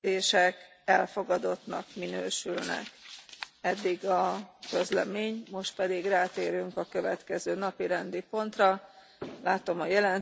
döntések elfogadottnak minősülnek. eddig a közlemény most pedig rátérünk a következő napirendi pontra látom a jelentést.